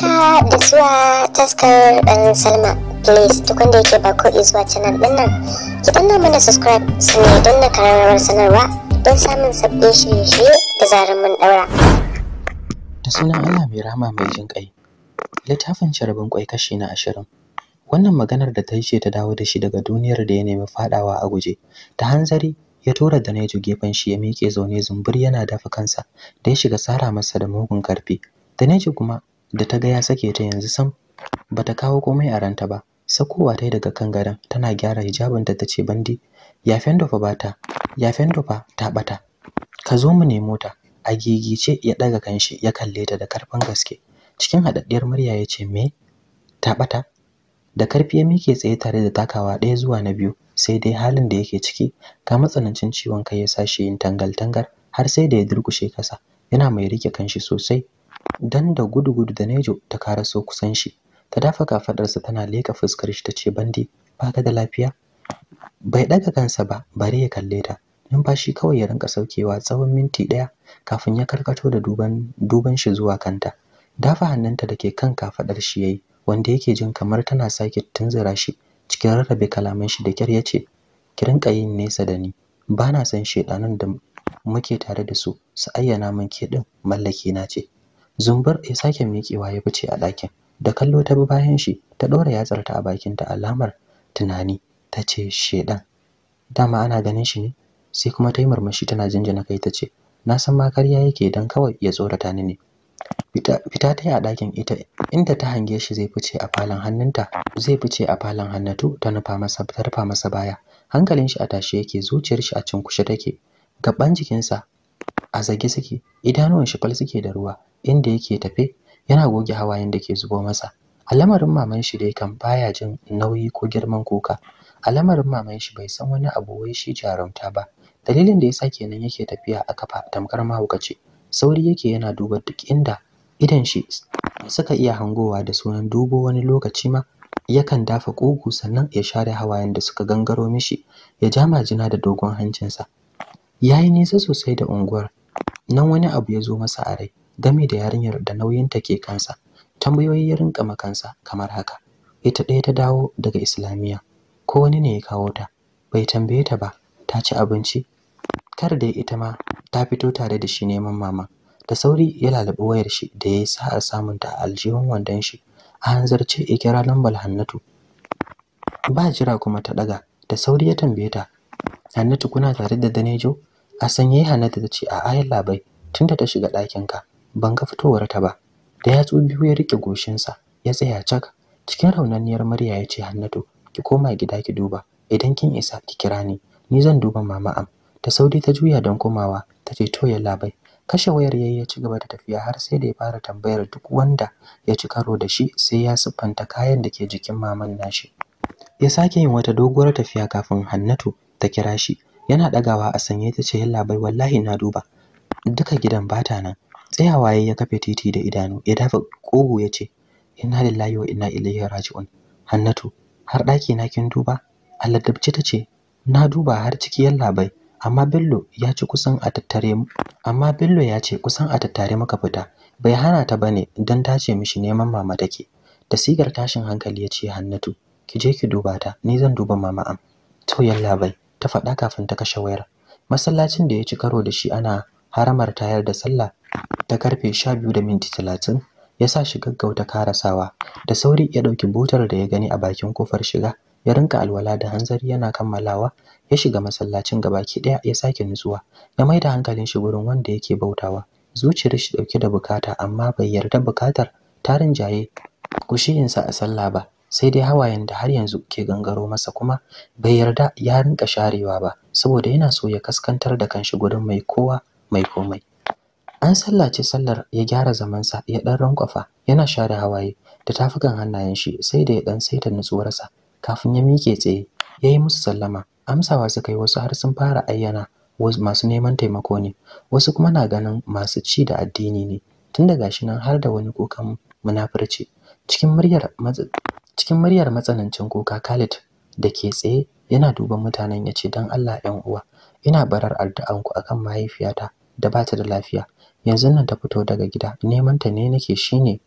haka da zuwa taskar dan salma please duk wanda yake ba ko zuwa canal din nan ki danna mana subscribe su ne don na kararrawar sanarwa don samun sabbin shirye-shirye da zarar mun daura da sunan allah mai rama mai jin kai littafin sharabin kwai kashi na ashirin wannan maganar da ta yi ce ta dawo da shi daga duniyar da ya nemi faɗawa a guje ta hanzari ya tura da gefen shi ya miƙe zaune zumbur yana dafa kansa da ya shiga sara masa da mugun karfi. Da kuma da ta ga ya sake ta yanzu sam bata kawo komai a ranta ba sakowa ta daga kan gadon tana gyara hijabin ta ce bandi ya fendo fa bata ya fendo fa ta bata ka zo mu ne mota. a gigice ya daga kanshi ya kalle ta da karfin gaske cikin hadaddiyar murya ya ce me ta bata da karfi ya mike tsaye tare da takawa ɗaya zuwa na biyu sai dai halin da yake ciki ga matsanancin ciwon kai ya sashi yin tangal tangar har sai da ya durkushe kasa yana mai rike kanshi sosai dan da gudu-gudu da Nejo ta kara so kusan shi ta dafa kafadarsa tana leka fuskar shi tace bandi ka da lafiya bai daga kansa ba bare ya kalle ta numfashi kawai ya rinka saukewa tsawon minti daya kafin ya karkato da duban duban shi zuwa kanta dafa hannunta ke kan kafadar shi yayi wanda yake jin kamar tana sake tunzura shi cikin rarrabe kalaman shi da kyar yace ki rinka yin nesa da ni bana son shedanan da muke tare da su su ayyana min ke din mallaki na ce zumbar ya sake miƙewa ya fice a ɗakin da kallo ta bi bayan shi ta ɗora yatsarta a bakin ta alamar tunani ta ce shedan dama ana ganin shi ne sai kuma ta yi murmushi tana jinjina kai ta ce na san ma karya yake dan kawai ya tsorata ni ne fita ta yi a ɗakin ita inda ta hange shi zai fice a falon hannunta zai fice a falon hannatu ta nufa masa ta rufa masa baya hankalin shi a tashe yake zuciyar shi a cunkushe take gaban jikinsa a zage suke idanuwan shi fal suke da ruwa inda yake tafe yana goge hawayen da ke zubo masa al'amarin maman shi dai kan baya jin nauyi ko girman kuka al'amarin maman shi bai san wani abu wai shi jarumta ba dalilin da yasa kenan yake tafiya a kafa tamkar mahaukaci sauri yake yana duba duk inda idan shi suka iya hangowa da sunan dubo wani lokaci ma yakan dafa kugu sannan ya share hawayen da suka gangaro mishi ya ja majina da dogon hancinsa ya yi nisa sosai da unguwar nan wani abu ya zo masa a rai game da yarinyar da nauyin ta ke kansa tambayoyi ya rinka makansa kamar haka ita ɗaya ta dawo daga islamiyya ko wani ne ya kawo ta bai tambaye ta ba ta ci abinci kar da ita ma ta fito tare da shi neman mama da sauri ya lalabi wayar shi da ya sa a samun ta a aljihun wandon shi a hanzarce ya kira lambar Hannatu ba jira kuma ta ɗaga, da sauri ya tambaye ta Hannatu kuna tare da Danejo a sanye da ta a a'a labai tunda ta shiga ɗakinka ban ga fitowar ta ba da yatsu biyu ya rike goshinsa ya tsaya cak cikin raunanniyar murya ya ce Hannatu ki koma gida ki duba idan kin isa ki kira ni ni zan duba mama am ta saudi ta juya don komawa ta ce ya labai. kashe wayar yayi ya ci gaba da tafiya har sai da ya fara tambayar duk wanda ya ci karo da shi sai ya siffanta kayan da ke jikin maman nashi ya sake yin wata doguwar tafiya kafin Hannatu ta kira shi yana ɗagawa a sanye ta ce yallaɓai wallahi na duba duka gidan bata nan tsayawa ya kafe titi da idanu ya dafa kogo ya ce inna lillahi wa inna ilaihi raji'un hannatu har ɗaki na kin duba Aladabci ta ce na duba har ciki yallaɓai amma bello ya ci kusan a tattare amma bello ya ce kusan a tattare muka fita bai hana ta bane don ta ce mishi neman mama take da sigar tashin hankali ya ce hannatu ki je ki duba ta ni zan duba mama am to yallaɓai ta faɗa kafin ta kashe wayar masallacin da ya ci karo da shi ana haramar tayar da sallah ta karfe sha biyu da minti talatin, ya sa shi gaggauta karasawa da sauri ya ɗauki butar da ya gani a bakin kofar shiga ya rinka alwala da hanzari yana kammalawa ya shiga masallacin gabaki ɗaya ya sake nutsuwa ya mai da hankalin shi wurin wanda yake bautawa zuciyar shi ɗauke da bukata amma bai yarda bukatar tarin jaye kushiyinsa a sallah ba sai dai hawayen da har yanzu ke gangaro masa kuma bai yarda ya rinka sharewa ba saboda yana so ya kaskantar da kanshi gurin mai kowa mai komai an sallace sallar ya gyara zamansa ya dan rankwafa yana share hawaye da tafukan hannayen shi sai da ya dan saita nutsuwarsa kafin ya mike tsaye ya yi musu sallama amsawa suka yi wasu har sun fara ayyana masu neman taimako ne wasu kuma na ganin masu ci da addini ne tun daga shi nan har da wani kukan munafurci cikin muryar Cikin muryar matsanancin kuka Khalid da ke tsaye yana duban mutanen ya ce don Allah 'yan uwa ina barar addu'anku akan mahaifiyata da bata da lafiya yanzu nan ta fito daga gida neman ta ne nake shine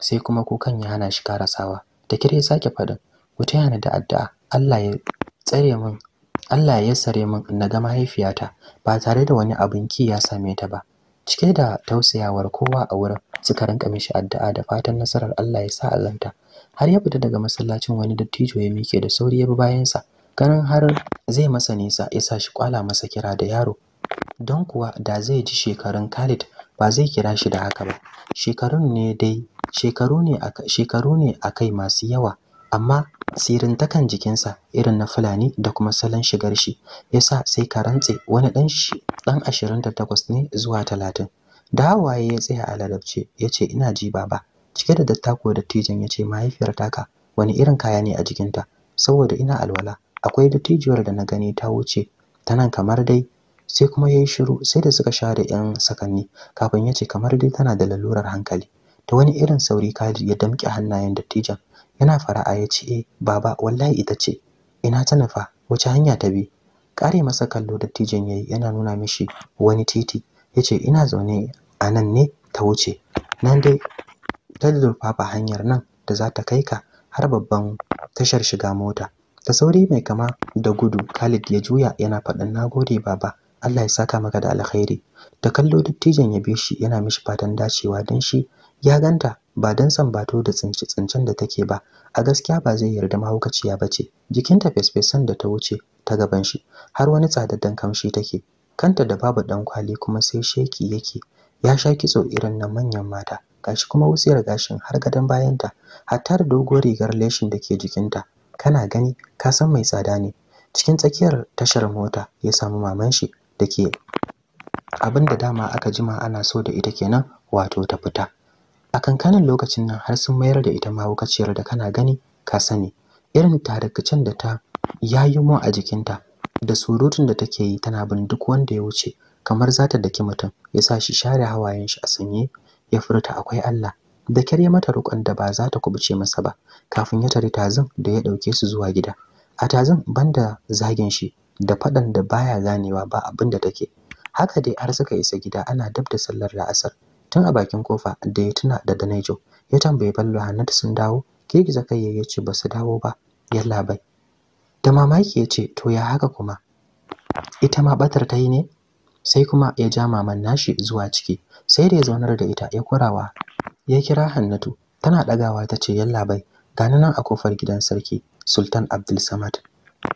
sai kuma kukan ya hana shi karasawa da kire sake fadin ku taya ni da addu'a Allah ya tsare min Allah ya yassare min na ga mahaifiyata ba tare da wani abin ki ya same ta ba cike da tausayawar kowa a wurin suka rinka mishi addu'a da fatan nasarar Allah ya sa azanta har ya fita daga masallacin wani dattijo ya mike da sauri ya bi bayansa ganin har zai masa nisa ya sa shi kwala masa kira da yaro don kuwa da zai ji shekarun Khalid ba zai kira shi da haka ba shekarun ne dai shekaru ne a kai masu yawa amma takan jikinsa irin na fulani da kuma salon shigar shi yasa sai ka rantse wani dan shi dan 28 ne zuwa 30 dawaye ya tsaya a ladabce ya ce ina ji baba cike da dattako dattijan ya ce mahaifiyar taka wani irin kaya ne a jikinta saboda ina alwala akwai dattijuwar da na gani ta wuce tanan kamar dai sai kuma yayi shiru sai da suka share yan sakanni kafin ya ce kamar dai tana da lalurar hankali ta wani irin sauri ka ya damƙe hannayen dattijan yana fara'a ya ce eh baba wallahi ita ce ina ta nufa wace hanya ta bi kare masa kallo dattijan yayi yana nuna mishi wani titi yace ina zaune a nan ne ta wuce nan dai ta zurfafa hanyar nan da za ta kai ka har babban tashar shiga mota ta sauri mai kama da gudu Khalid ya juya yana faɗin na gode, baba Allah ya saka maka da alkhairi da kallo dattijan ya bi shi yana mishi fatan dacewa don shi ya ganta ba don bato da tsince-tsincen da take ba a gaskiya ba zai yarda mahaukaciya ba ce jikinta fesfesan da ta wuce ta gaban shi har wani tsadaddan kamshi take kanta da babu dan kwali kuma sai sheki yake ya sha kitso irin nan manyan mata gashi kuma wutsiyar gashin har gadon bayanta hatta da doguwar rigar leshin da ke jikinta kana gani ka san mai tsada ne cikin tsakiyar tashar mota ya samu maman shi da ke abin da dama aka jima ana so da ita kenan wato ta fita a kankanin lokacin nan har sun mayar da ita mahaukaciyar da kana gani ka sani irin tarikacin da ta yayimo a jikinta da surutun da take yi tana bin duk wanda ya wuce kamar za ta daki mutum ya sa shi share hawayen shi a sanye ya furta akwai Allah da kare mata roƙon da ba za ta kubuce masa ba kafin ya tare tazin da ya dauke su zuwa gida a tazin banda zagin shi da faɗan da baya ganewa ba abinda da take haka dai har suka isa gida ana dab da sallar la'asar tun a bakin kofa da ya tuna da Danejo ya tambayi Bello Hannatu sun dawo girgiza kai ya ce ba su dawo ba yalla bai da mamaki ya ce to ya haka kuma ita ma batar ta yi ne sai kuma ya ja maman nashi zuwa ciki sai da ya zaunar da ita ya kurawa ya kira Hannatu tana dagawa ta ce yalla bai gani nan a kofar gidan sarki Sultan Abdul Samad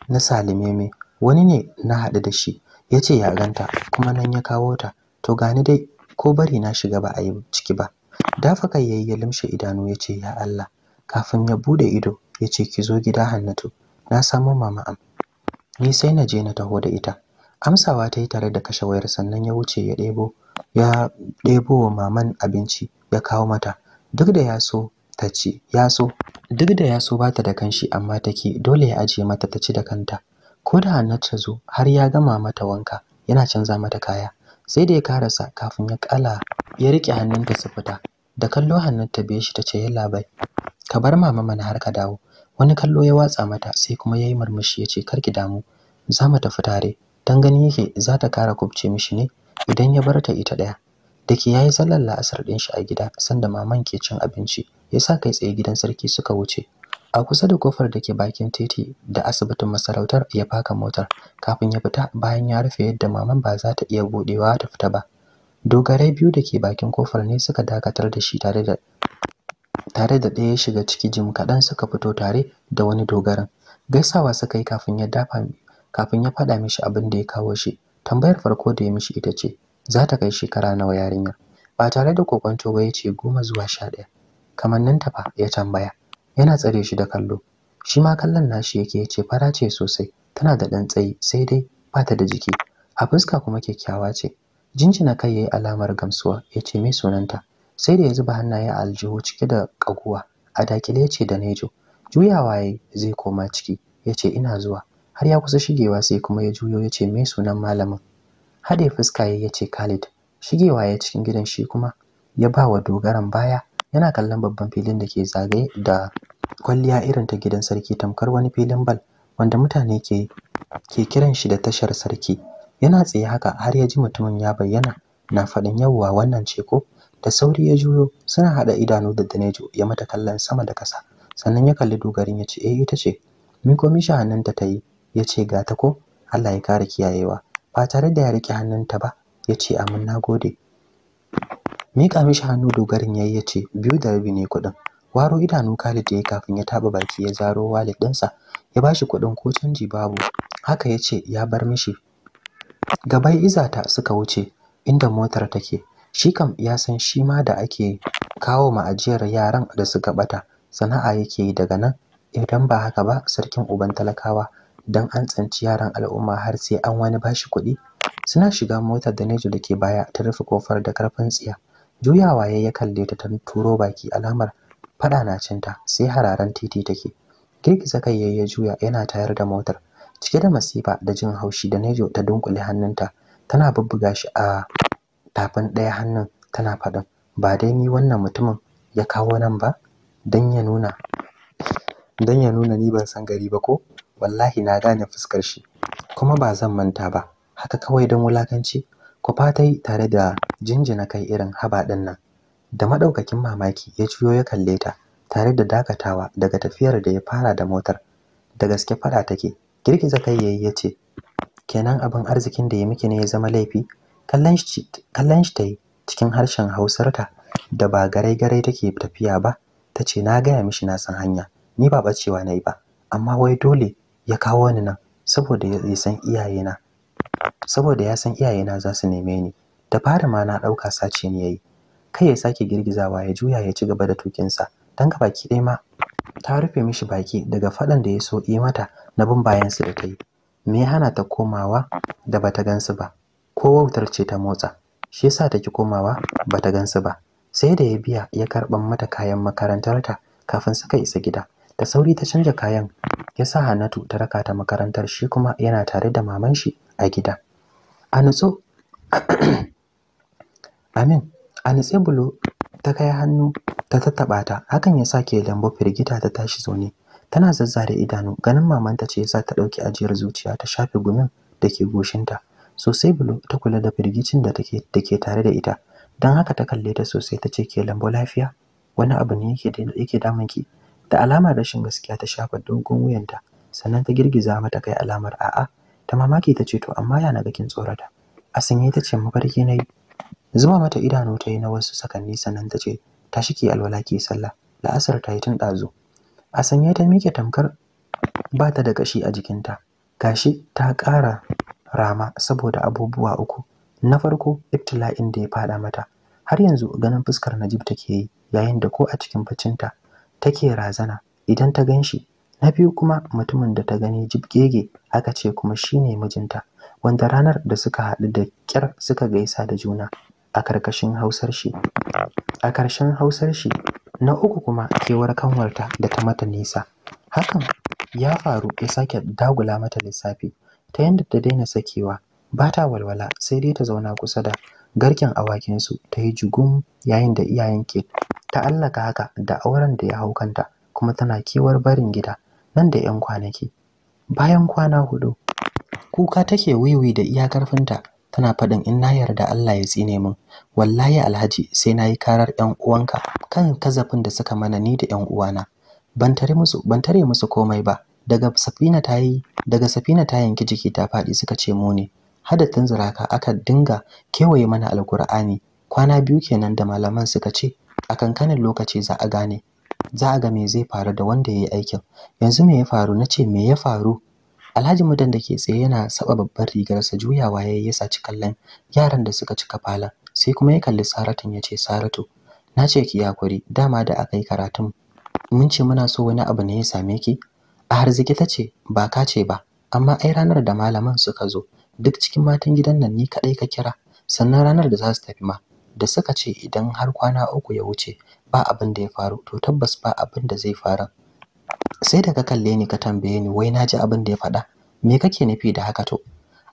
na me, wani ne na haɗu da shi ya ce ya ganta kuma nan ya kawo ta to gani dai ko bari na shiga ba a yi ciki ba dafa yayi ya limshe idanu ya ce ya Allah kafin ya bude ido ya ce ki zo gida Hannatu na samo mama am ni sai na je na taho da ita amsawa ta yi tare da kashe wayar sannan ya wuce ya ɗebo ya ɗebo wa maman abinci ya kawo mata duk da ya so ta ci ya so duk da ya so ba ta da kanshi amma take dole ya ajiye mata ta ci da kanta ko da Hannatu ta zo har ya gama mata wanka yana canza mata kaya sai da ya karasa kafin ya kala ya rike hannunta su fita da kallo hannun ta biye shi tace yalla bai ka bar mama mana har ka dawo wani kallo ya watsa mata sai kuma yayi murmushi ya ce kar ki damu za mu tafi tare dan gani yake za ta kara kubce mishi ne idan ya bar ta ita daya dake yayi sallar la'asar din shi a gida sanda maman ke cin abinci yasa kai tsaye gidan sarki suka wuce a kusa da kofar da ke bakin titi da asibitin masarautar ya faka motar kafin ya fita bayan ya rufe yadda maman ba za ta iya buɗewa ta fita ba dogarai biyu da ke bakin kofar ne suka dakatar da shi tare da tare da ɗaya shiga ciki jim kaɗan suka fito tare da wani dogaran gaisawa suka yi kafin ya faɗa mishi abin da ya kawo shi tambayar farko da ya mishi ita ce za ta kai shekara nawa yarinyar ba tare da kokonto ba ya ce goma zuwa sha ɗaya kamanninta fa ya tambaya yana tsare shi da kallo shi ma kallon nashi yake ya ce fara ce sosai tana da ɗan tsayi sai dai ba ta da jiki a fuska kuma kyakkyawa ce jinjina kai yayi alamar gamsuwa ya ce me sunanta sai da ya zuba hannaye a aljihu cike da kaguwa a dakile ce da nejo juyawa yayi zai koma ciki yace ina zuwa har ya kusa shigewa sai kuma ya juyo yace ce me sunan malamin hade fuska ya yace Khalid shigewa ya cikin gidan shi kuma ya ba wa dogaran baya yana kallon babban filin da ke zagaye da kwalliya irin ta gidan sarki tamkar wani filin bal wanda mutane ke ke kiran shi da tashar sarki yana tsaye haka har ya ji mutumin ya bayyana na faɗin yawwa wannan ce ko da sauri ya juyo suna haɗa idanu da Danejo ya mata kallon sama da kasa, sannan ya kalli dogarin ya ce eh ita ce mi ko mishi hannunta ta yi ya ce ga ta ko Allah ya kare kiyayewa ba tare da ya rike hannunta ba ya ce amin gode. miƙa mishi hannu dogarin ya yi ya ce biyu da rabi ne kuɗin Waro idanun Khalid yayi kafin ya taba baki ya zaro walid ɗinsa ya bashi kuɗin ko canji babu. Haka ya ce ya bar mishi. Gabai izata suka wuce inda motar take. Shi kam ya san shi ma da ake kawo ma ajiyar yaran da suka bata sana'a yake yi daga nan idan ba haka ba sarkin uban talakawa dan an tsanci yaran al'umma har sai an wani bashi kuɗi. Suna shiga motar da Nejo da ke baya ta rufe kofar da karfin tsiya. Juyawa ya kalle ta ta turo baki alamar Faɗa na cinta sai hararen titi take. Girgiza kai yayi ya juya yana tayar da motar. Cike da masifa da jin haushi da Nejo ta dunkule hannunta tana bubbuga shi a tafin ɗaya hannun tana faɗin ba dai ni wannan mutumin ya kawo nan ba don ya nuna ya nuna ni ban san gari ba ko wallahi na gane fuskar shi kuma ba zan manta ba haka kawai don wulakanci ku fatai tare da jinjina kai irin haba ɗin nan da madaukakin mamaki ya juyo ya kalle ta tare da dakatawa daga tafiyar da ya fara da motar da gaske fara take girgiza kai yayi yace kenan abin arzikin da ya miki ne ya zama laifi kallon shi ta yi cikin harshen Hausarta da ba garai-garai take tafiya ba tace na gaya mishi na san hanya ni ba bacewa nayi ba amma wai dole ya kawo ni nan saboda ya san iyayena saboda ya san iyayena za su neme ni da fara ma na ɗauka, sace ni yayi kai ya sake girgizawa ya juya ya ci gaba da tukinsa don ga baki ɗaya ma ta rufe mishi baki daga faɗan da ya so yi mata na bin bayansu da ta yi me ya hana ta komawa da bata gansu ba ko wautar ce ta motsa shi yasa take komawa bata gansu ba sai da ya biya ya karɓan mata kayan makarantarta kafin suka isa gida da sauri ta canja kayan ya sa Hannatu ta raka ta makarantar shi kuma yana tare da maman shi a gida a nutso Amin a nitse bulo ta kai hannu ta tattaɓa ta hakan ya sake lambu firgita ta tashi zaune tana zazzare idanu ganin mamanta ce yasa ta ɗauki ajiyar zuciya ta shafe gumin da ke goshinta sosai bulo ta kula da firgicin da take da ke tare da ita don haka ta kalle ta sosai ta ce ke lambu lafiya wani abu ne yake yake damun ki da alamar rashin gaskiya ta shafa dogon wuyanta sannan ta girgiza mata kai alamar a'a ta mamaki ta ce to amma yana naga kin tsorata a sanye ta ce mafarki na yi zuba mata idanu ta yi na wasu sakanni sannan ta ce ta shike alwala ke sallah la'asar ta yi tun ɗazu a sanye ta miƙe tamkar ba ta da gashi a jikinta gashi ta ƙara rama saboda abubuwa uku na farko ibtila'in da ya faɗa mata har yanzu ganin fuskar najib take yi yayin da ko a cikin bacinta take razana idan ta ganshi, na biyu kuma mutumin da ta gani gege aka ce kuma shine mijinta wanda ranar da suka haɗu da ƙyar suka gaisa da juna a karkashin hausar shi a karshen hausar shi na uku kuma kewar kanwarta da ta mata nisa hakan ya faru ya sake dagula mata lissafi ta yadda ta daina sakewa ba ta walwala sai dai ta zauna kusa da garken awakinsu ta yi jugun yayin da iyayen ke ta allaka haka da auren da ya hau kanta kuma tana kewar barin gida nan da 'yan kwanaki bayan kwana hudu kuka take wiwi da iya karfinta tana faɗin in na yarda Allah ya tsine min wallahi alhaji sai na yi karar ƴan uwanka kan kazafin da suka mana ni da ƴan uwana ban tare musu ban tare musu komai ba daga safina ta yi daga safina ta yanki jiki ta faɗi suka ce mu ne hadatin ka, aka dinga kewaye mana alkur'ani kwana biyu kenan da malaman suka ce a kankanin lokaci za a gane za a ga me zai faru da wanda ya yi aikin yanzu me ya faru na ce me ya faru Alhaji Mudan da ke tsaye yana saba babbar rigarsa juyawa ya yi saci kallon yaran da suka cika falon sai kuma ya kalli Saratu ya ce Saratu na ce ki yakuri dama da aka yi karatun mun ce muna so wani abu ne ya same ki a harziki ta ce ba ka ce ba amma ai ranar da malaman suka zo duk cikin matan gidan nan ni kaɗai ka kira sannan ranar da za su tafi ma da suka ce idan har kwana uku ya wuce ba abin da ya faru to tabbas ba abin da zai faru sai da ka kalle ni ka tambaye ni wai naji abin da ya faɗa me kake nufi da haka to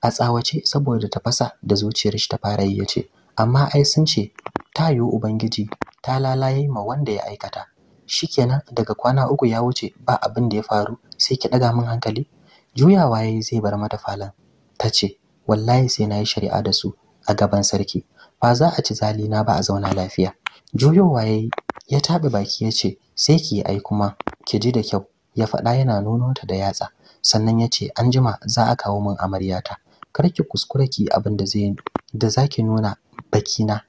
a tsawace saboda tafasa da zuciyar shi ta fara yi yace amma ai sun ce ta yiwu ubangiji ta lalaye ma wanda ya aikata shikenan daga kwana uku ya wuce ba abin da ya faru sai ki ɗaga min hankali juyawa yayi zai bar mata falon? Ta ce, wallahi sai na yi shari'a da su a gaban sarki ba za a ci zalina ba a zauna lafiya juyowa yayi ya taɓa baki ya ce sai ki yi ai kuma ki ji da kyau ya faɗa yana nuno ta da yatsa sannan ya ce an jima za a kawo min amaryata kar ki kuskura ki yi abin da zai da zaki nuna bakina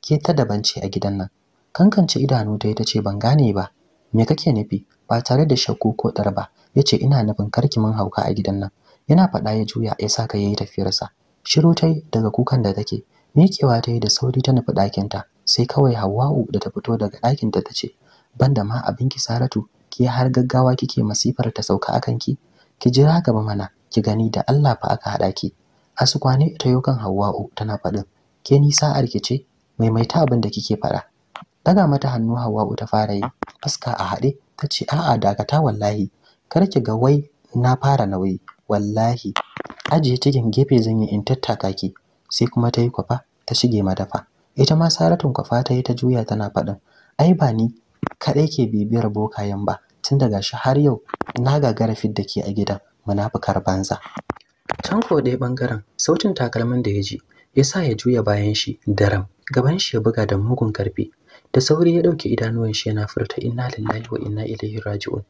ke ta daban ce a gidan nan kankance idanu ta ita ce ban gane ba me kake nufi ba tare da shakku ko ɗar ba ya ce ina nufin kar ki min hauka a gidan nan yana faɗa ya juya ya sa ka yi tafiyarsa shiru ta daga kukan da take miƙewa ta yi da sauri ta nufi ɗakinta sai kawai Hawwa'u da ta fito daga ɗakin ta tace banda ma abin ki Saratu ki har gaggawa kike masifar ta sauka akan ki ki jira gaba mana ki gani da Allah fa aka hada ki asukwane ta yo kan Hawwa'u tana faɗin ke ni sa'ar ki ce maimaita abin da kike faɗa daga mata hannu Hawwa'u ta fara yi fuska a haɗe ta ce a'a dakata wallahi kar ki ga wai na fara nauyi wallahi ajiye cikin gefe zan yi in tattaka ki sai kuma ta yi kwafa ta shige madafa ita ma saratun kwafa ta yi ta juya tana faɗin ai ba ni kaɗai ke bibiyar bokayen ba tun daga shi har yau na gagara fidda ke a gidan munafukar banza can ko ɗaya ɓangaren sautin takalmin da ya ji ya sa ya juya bayan shi daram gaban shi ya buga da mugun karfi da sauri ya ɗauke idanuwan shi yana furta inna lillahi wa inna ilaihi raji'un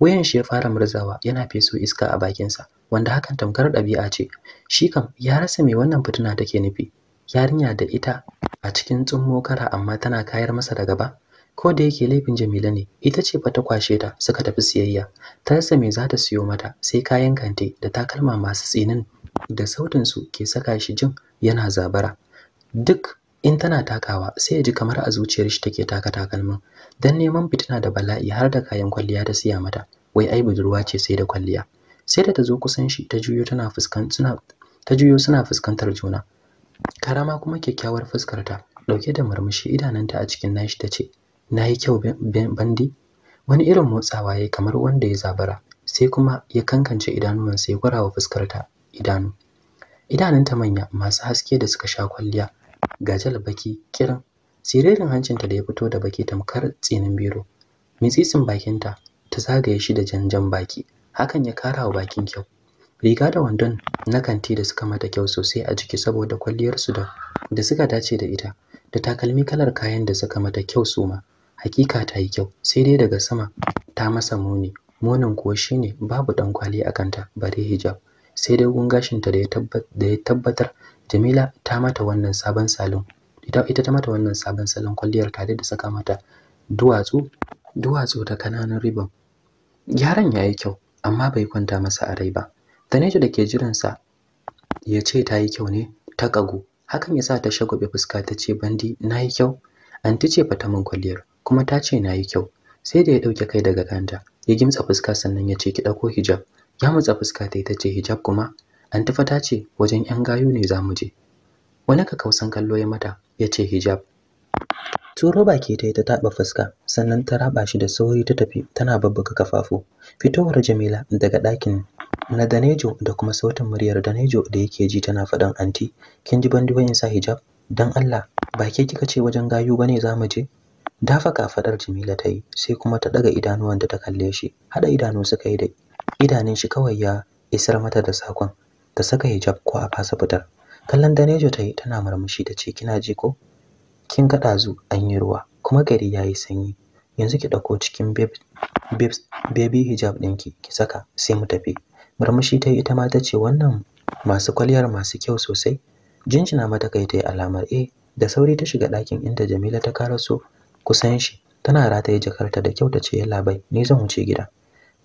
wayan shi ya fara murzawa yana feso iska a bakinsa wanda hakan tamkar ɗabi'a ce shi kam ya rasa me wannan fitina take nufi yarinya da ita a cikin tsummo kara amma tana kayar masa da gaba ko da yake laifin Jamila ne ita ce fa ta kwashe ta suka tafi siyayya ta rasa me za ta siyo mata sai kayan kante da takalma masu tsinin da sautin su ke saka shi jin yana zabara duk in tana takawa sai ya ji kamar a zuciyar shi take taka takalmin dan neman fitina da bala'i har da kayan kwalliya ta siya mata wai ai budurwa ce sai da kwalliya sai da ta zo kusan shi ta juyo tana fuskantar ta juyo suna fuskantar juna karama kuma kyakkyawar fuskarta ɗauke da murmushi idananta a cikin nashi ta ce na yi kyau bandi wani irin motsawa ya kamar wanda ya zabara sai kuma ya kankance idanuwansa ya gwara wa fuskarta idanu idanunta manya masu haske da suka sha kwalliya gajal baki kiran siririn hancinta da ya fito da baki tamkar tsinin biro mitsitsin bakinta ta zagaye shi da janjan baki hakan ya kara wa bakin kyau riga da wandon na kanti da suka mata kyau sosai a jiki saboda kwalliyarsu da da suka dace da ita da takalmi kalar kayan da suka mata kyau su ma hakika ta yi kyau sai dai daga sama ta masa muni munin kuwa shine babu dan kwali a kanta bare hijab sai dai gungashinta da ya da ya tabbatar Jamila ta mata wannan sabon salon ita ita ta mata wannan sabon salon kwalliyar tare da saka mata duwatsu duwatsu da kananan ribon gyaran yayi kyau amma bai kwanta masa a rai ba Taneja da ke jiransa ya ce ta yi kyau ne ta ƙagu. Hakan ya sa ta shagobe fuska ta ce bandi na yi kyau. Anti ce fata min kwalliyar kuma ta ce na yi kyau. Sai da ya ɗauke kai daga kanta ya gimtsa fuska sannan ya ce ki ɗauko hijab. Ya matsa fuska ta ta ce hijab kuma An tafa ta ce wajen 'yan gayu ne za mu je. Wani ka kausan kallo ya mata ya ce hijab. Turo baki ta yi ta taɓa fuska, sannan ta raba shi da sauri ta tafi tana babbaka kafafu. Fitowar Jamila daga ɗakin na Danejo da kuma sautin muryar Danejo da yake ji tana faɗin anti kin ji bandi wayin sa hijab dan Allah ba ke kika ce wajen gayu bane za mu je dafa fadar Jamila ta sai kuma ta daga idanuwan da ta kalle shi hada idanu suka yi da idanun shi kawai ya isar mata da sakon ta saka hijab ko a fasa fitar kallon Danejo ta tana murmushi ta ce kina ji ko kin ga ɗazu an yi ruwa kuma gari ya yi sanyi yanzu ki ɗauko cikin baby hijab ɗinki ki saka sai mu tafi murmushi ta yi ita ma ta ce wannan masu kwalliyar masu kyau sosai jinjina mata kai ta yi alamar e da sauri ta shiga ɗakin inda jamila ta su kusan shi tana rataye jakarta da kyau ta ce yalla bai ni zan wuce gida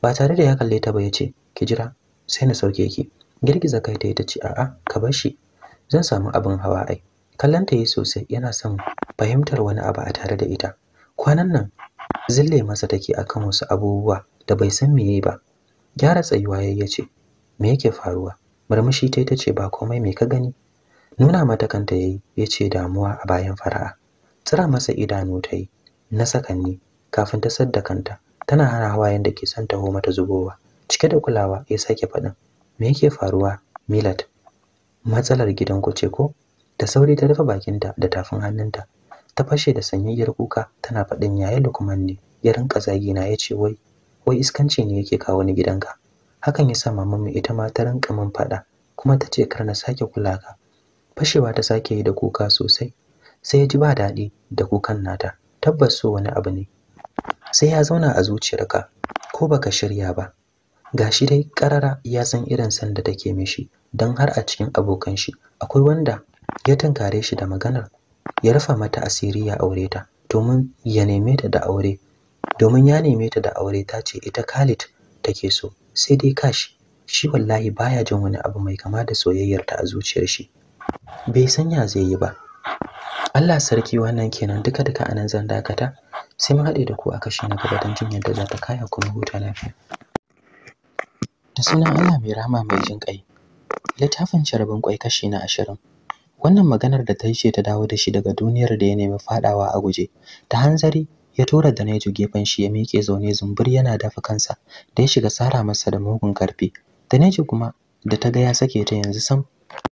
ba tare da ya kalle ta ba ya ce ki jira sai na sauke ki girgiza kai ta yi ta ce a'a ka bar shi zan samu abin hawa ai kallon ta yi sosai yana son fahimtar wani abu a tare da ita kwanan nan zille masa take akan wasu abubuwa da bai san meye ba gyara tsayuwa yayi yace me yake faruwa murmushi tai tace ba komai me ka gani nuna mata kanta yayi yace damuwa a bayan fara'a tsira masa idanu tai na sakanni kafin ta sadda kanta tana hana hawayen da ke son taho mata zubowa cike da kulawa ya sake faɗin me yake faruwa milat matsalar gidanku ce ko da sauri ta rufe bakinta da tafin hannunta ta fashe da sanyayyar kuka tana faɗin yayin lukman ne ya rinka zagina ya ce wai wai iskanci ne yake kawo ni gidanka hakan ya sa mu ita ma ta rinka min faɗa kuma ta ce kar na sake kula ka fashewa ta sake yi da kuka sosai sai ya ji ba daɗi da kukan nata tabbas so wani abu ne sai ya zauna a zuciyarka ko baka shirya ba gashi dai karara ya san irin san da take mishi don har a cikin abokan shi akwai wanda ya tunkare shi da maganar ya rufa mata asiri ya aure ta domin ya neme ta da aure domin ya neme ta da aure ta ce ita Khalid take so sai dai kashi shi wallahi baya jin wani abu mai kama da soyayyar ta a zuciyar shi bai san ya zai yi ba Allah sarki wannan kenan duka duka anan zan dakata sai mun haɗe da ku a kashi na gaba don jin yadda za ta kaya kuma huta lafiya da sunan Allah mai rahama mai jin ƙai littafin jarabin kwai kashi na ashirin wannan maganar da ta yi ce ta dawo da shi daga duniyar da ya nemi faɗawa a guje ta hanzari ya tura Danejo gefen shi ya miƙe zaune zumbur yana dafa kansa da ya shiga sara masa da mugun karfi Danejo kuma da ta ga ya sake ta yanzu sam